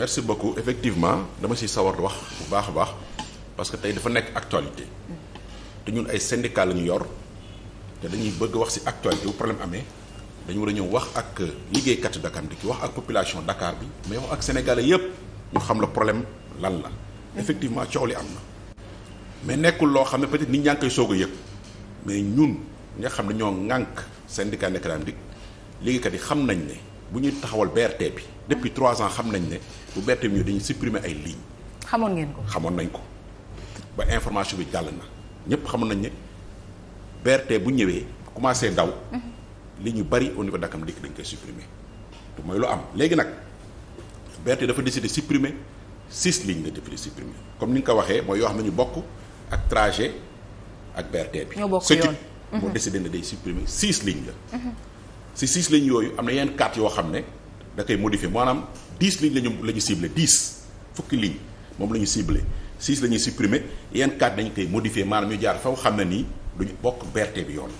merci beaucoup effectivement dama ci sawar wax bu baax a baax parce que tey dafa nekk actualité mm. te ñun ay syndicat la ñu yor te dañuy bëgg wax ci actualité bu problème amee dañu war a ñëw wax ak liggéeykat Dakar di ki wax ak population Dakar bi mais wax ak sénégalais yépp ñu xam la problème lan la mm-hmm. effectivement coow li am na mais nekkul loo xam ne peut-être nit ñaa ngi koy soog a yëg mais ñun nga xam ne ñoo ŋànk syndicat Ndefleng liggéeykat yi xam nañ ne bu ñu taxawal berte bi depuis trois ans xam nañ ne bu BRT bi ñëw dañuy supprimer ay lignes. xamoon ngeen ko xamoon nañ ko ba information bi jàll na ñëpp xamoon nañ ne berte bu ñëwee commencé daw. Mhm. li ñu bari au niveau de Dakar dikk dañ koy supprimer te mooy lu am léegi nag BRT dafa décidé supprimer six lignes la décidé supprimer comme ni nga ko waxee mooy yoo xam ne ñu bokk ak trajet ak berte bi. ñoo bokk yoon ce moo mhm. décidé ne day supprimer six lignes la. Mhm. si six lignes yooyu am na yenn quatre yoo xam ne da koy modifier maanaam dix lignes lañu la ñu ciblé dix fukki ligne moom la ñu ciblé six la ñuy supprimer yenn quatre dañu koy modifier maanaam ñu jaar faw xam ne nii duñu bokk berte bi yoon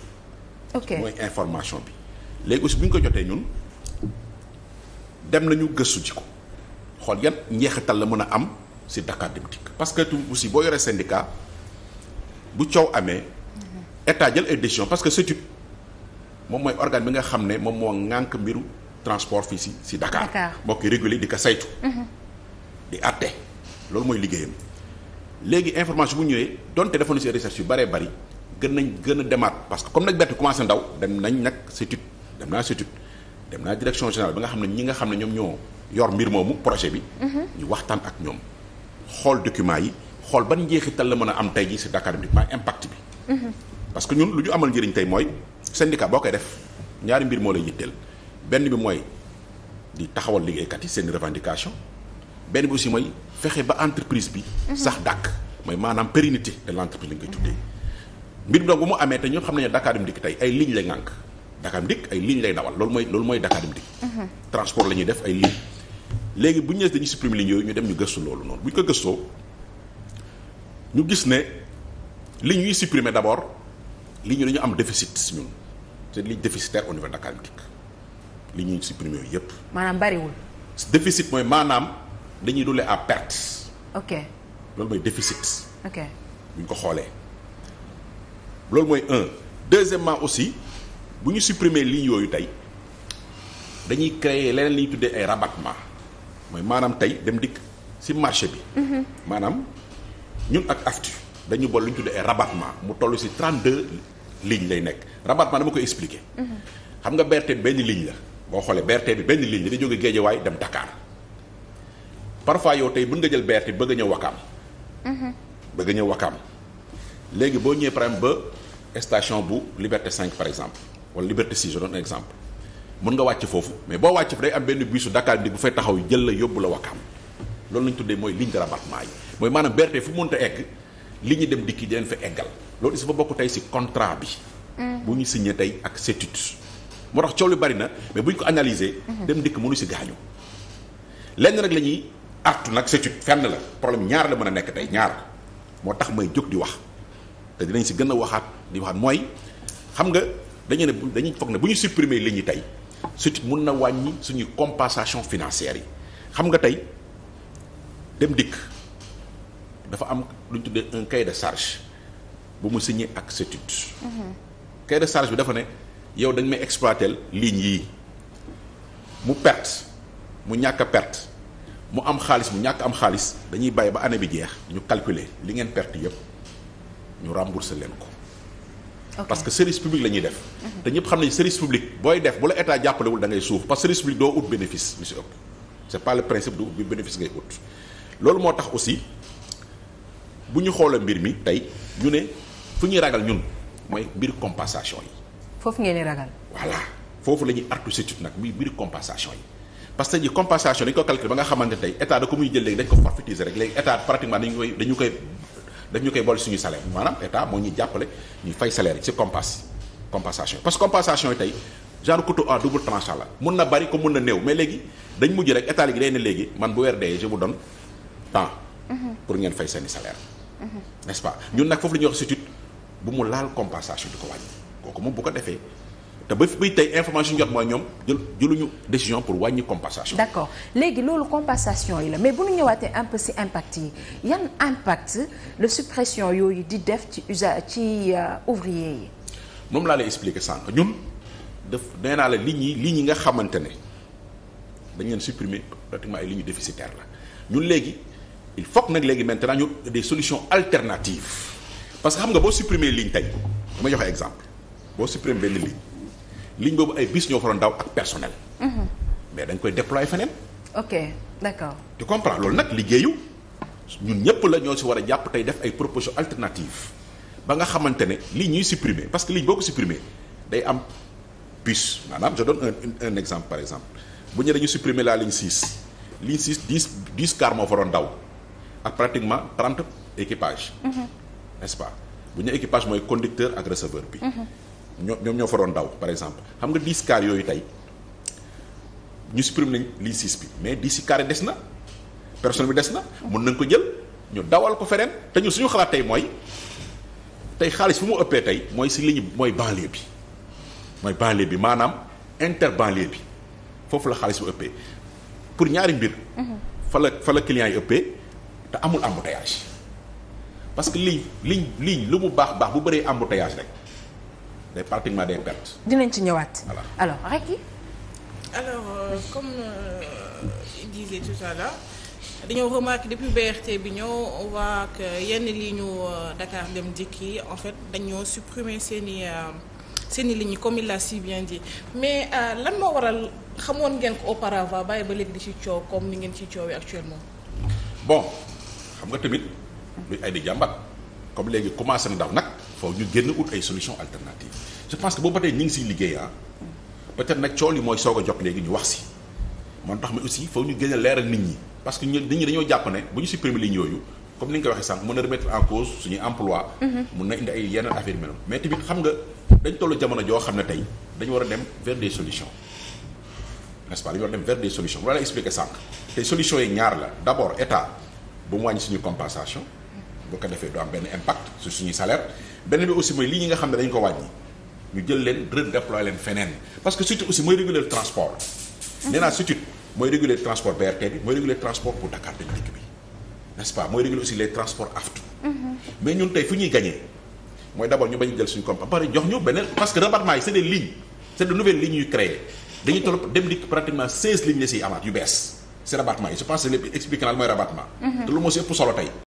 ok mooy information bi léegi aussi bu ñu ko jotee ñun dem nañu gëstu ji ko xool yan njeexital la mën a am si Dakar Dem Dikk parce que aussi boo yoree syndicat bu coow amee mhm. état jël ay décision parce que c'est moom mooy organ bi nga xam ne moom moo ŋànk mbiru transport fii si si Dakar. Dakar moo koy réguler di ko saytu. Mhm. di àtte loolu mooy liggéeyam. léegi information bu ñëwee donte defoon na si recherche yu bëree bari gën nañ gën a demaat parce que comme nag bett commencé ndaw dem nañ nag CETUD dem naa CETUD dem naa direction générale bi nga xam ne ñi nga xam ne ñoom ñoo yor mbir moomu projet bi. Mhm. ñu waxtaan ak ñoom xool document yi xool ba ban njeexital la mën a am tey jii si Dakar uniquement impact bi. Mhm. parce que ñun lu ñu amal njëriñ tey mooy. syndicat boo koy def ñaari mbir moo lay yitteel benn bi mooy di taxawal liggéeykat yi seen revendication benn bi aussi mooy fexe ba entreprise bi. Mhm. sax dàkk mooy maanaam pérennité de l'entreprise lañ koy tuddee. mbir bi donc bu mu amee te ñëpp xam nañu Dakar Dem Dikk tey ay lignes lay ŋànk Dakar Dem Dikk ay lignes lay dawal loolu mooy loolu mooy Dakar Dem Dikk. Mhm. transport lañuy def ay lignes. léegi bu ñu dañuy supprimer lignes yooyu ñu dem ñu gëstu loolu noonu bu ñu ko gëstoo gis ne lignes yuy supprimer d'abord lignes yi am déficit te li déficitaire au niveau de Dakar Dem li ñuy supprimer yooyu yëpp. maanaam bariwul. déficit mooy maanaam dañuy dule ab perte. ok loolu mooy déficit. ok bu ñu ko xoolee. loolu mooy un deuxièmement aussi bu ñu supprimer lii yooyu tey dañuy créer leneen li ñuy tuddee ay rabattement mooy maanaam tey Dem Dikk ci marché bi. Mhm. maanaam ñun ak AFTU dañu bool lu ñu tuddee ay rabattement mu toll ci 32. ligne lay nekk rabattement dama koy expliquer. Mhm. xam nga BRT bi benn ligne la boo xoolee BRT bi benn ligne la di jóge waay dem Dakar parfois yow tey mën nga jël BRT bëgg ñëw Wakaam. Mhm. bëgg ñëw Wakaam léegi boo ñëwee par exemple ba station bu Liberté 5 par exemple wala Liberté 6 je exemple mun nga wàcc foofu mais boo wàcc fa day am benn bisu Dakar bi bu fay taxaw jël la yóbbu la Wakaam loolu la tuddee mooy ligne de rabattement yi mooy maanaam BRT fu mu mënta egg. li ñu dem dikki dinañ fa eggal loolu is fa bokk tey si contrat bi. Mm. bu ñu signé tey ak CETUD. moo tax coow li bari na mais bu ñu ko analyser mm-hmm. dem dikk mënu si gaañu. lenn rek lañuy ñuy artu nag CETUD fenn la problème ñaar la mën a nekk tey ñaar moo tax may jóg di wax te dinañ si gën a waxaat di waxaat mooy xam nga dañu ne dañuy foog ne bu ñu supprimer lii ñu tey CETUD mun na wàññi suñuy compensation financière yi xam nga tey dem dikk. dafa am lu ñu tuddee un cahier de charge bu mu signé ak CETUD. cahier de charge bi dafa ne yow dañ may exploiter lignes yii mu perte mu ñàkk perte mu am xaalis mu ñàkk am xaalis dañuy bàyyi ba année bi jeex ñu calculer li ngeen perte yëpp ñu rembourser leen ko. Okay. parce que service public la ñuy def. Mhm. te ñëpp xam nañu service public booy def bu la état jàppalewul da ngay suuf parce que service public doo ut bénéfice lu si ëpp. c'est pas le principe du ut bi bénéfice ngay loolu moo tax aussi. bu ñu xoolee mbir mi tey ñu ne fu ñuy ragal ñun mooy mbir compensation yi. foofu ngeen di ragal. voilà foofu la ñuy artu surtout nag muy mbir compensation yi parce que ji compensation ba nga xamante tey état da ko muy jël léegi dañ ko forfaitiser rek léegi état pratiquement dañu koy dañu koy boole suñu salaire maanaam état moo ñuy jàppale ñu fay salaire yi ci compas compensation parce que compensation yi tey genre couteau à double tranchant la mun na bari ko mun na néew mais léegi dañ mujj rek état léegi day ne léegi man bu weer dee je vous donne temps mhm. pour ngeen fay seeni salaire Mhm. n'est-ce pas ñun nag foofu la ñuy wax statut bu mu laal compensation di ko wàññi kooku moom bu ko defee te ba fii tey information jot mooy ñoom jël jëluñu décision pour wàññi compensation. d'accord léegi loolu compensation yi la mais bu ñu ñëwaatee un peu ci impact yi yan impact la suppression yooyu di def ci usa ci euh, ouvrier yi. moom laa lay expliquer sànq ñun def nee naa la lignes yi lignes yi nga xamante ne dañ leen supprimer pratiquement ay lignes déficitaires la ñun léegi. il faut nag léegi maintenant ñu des solution alternatives parce que xam nga boo supprimer ligne tey dama joxe exemple boo supprimer benn ligne ligne boobu ay bus ñoo faroon daw ak personnel. Mhm. mais dañ koy déployer feneen. ok d'accord. tu comprends loolu nag liggéeyu ñun ñëpp la ñoo si war a jàpp tey def ay propositions alternatives ba nga xamante ne ligne ñuy supprimer parce que ligne boo ko supprimer day am bus maanaam je donne un un exemple par exemple bu ñu dañu supprimer la ligne 6 ligne 6 10 10 car moo faroon daw. ak pratiquement trente équipages. Mm-hmm. n'est-ce pas bu ñu équipage mooy conducteur ak receveur bi. Mm-hmm. ñoo ñoom ñoo fa doon daw par exemple xam nga dix cars yooyu tey ñu supprimer nañ lii six bi mais dix cars des na personne bi des na. Mm-hmm. mën nañ ko jël ñu dawal ko fereen te ñu suñu xalaat tey mooy tey xaalis fu mu ëppee tey mooy si ligne mooy banlieue bi mooy banlieue bi maanaam interbanlieue bi foofu la xaalis bu ëppee pour ñaari mbir. fa la fa la client yi ëppee. te amul embouteillage parce que lii ligne ligne lu mu baax baax bu bëree embouteillage rek day pratiquement day perte. dinañ ci ñëwaat. voilà alors rek yi. alors euh, comme euh, il tout à dañoo remarqué depuis BRT bi ñëw on voit que yenn ligne euh, Dakar Dem Dikk yi en fait dañoo supprimer seeni euh, seeni liñ i comme il l'a si bien dit mais euh, lan moo waral xamoon ngeen ko auparavant bàyyi ba léegi di ci coow comme ni ngeen ci coowee actuellement. xam nga tamit luy ay di jàmbat comme léegi commencé na daw nag foofu ñu génn ut ay solution alternative je pense que boobu ba tey ñu ngi siy liggéey ah peut-être nag cool yi mooy soog jot léegi ñu wax si moo tax mais aussi foofu ñu gën a leeral nit ñi parce que nit ñi dañoo jàpp ne bu ñu supprimer ligne yooyu comme ni nga ko waxee sànq mën na remettre en cause suñuy emploi mun mm-hmm. na indi ay yeneen affaire yu mel mais tamit xam nga dañ tollu jamono joo xam ne tey dañu war a dem vers des solutions n'est-ce pas dañu war a sànq te yi ñaar la d'abord état ba mu wàññi suñu compensation boo ko defee du am benn impact sur suñuy salaire benn bi aussi mooy lii ñi nga xam ne dañu ko wàññi ñu jël leen redéployer leen feneen parce que surtout aussi mooy réguler le transport mhm. nee naa mooy réguler transport BRT bi mooy réguler transport pour Dakar dañ dikk bi n'est-ce pas mooy réguler aussi les transports aftu mhm. mais ñun tey fu ñuy gagner mooy d'abord ñu bañ jël suñu compa pare jox ñu beneen parce que rabattement yi c'est des lignes c'est de nouvelles lignes yu créé dañuy toll dem si rabattement yi je pense que lépp expliqué naa lu mooy rabattement. Mhm. te lu moo si ëpp solo tey.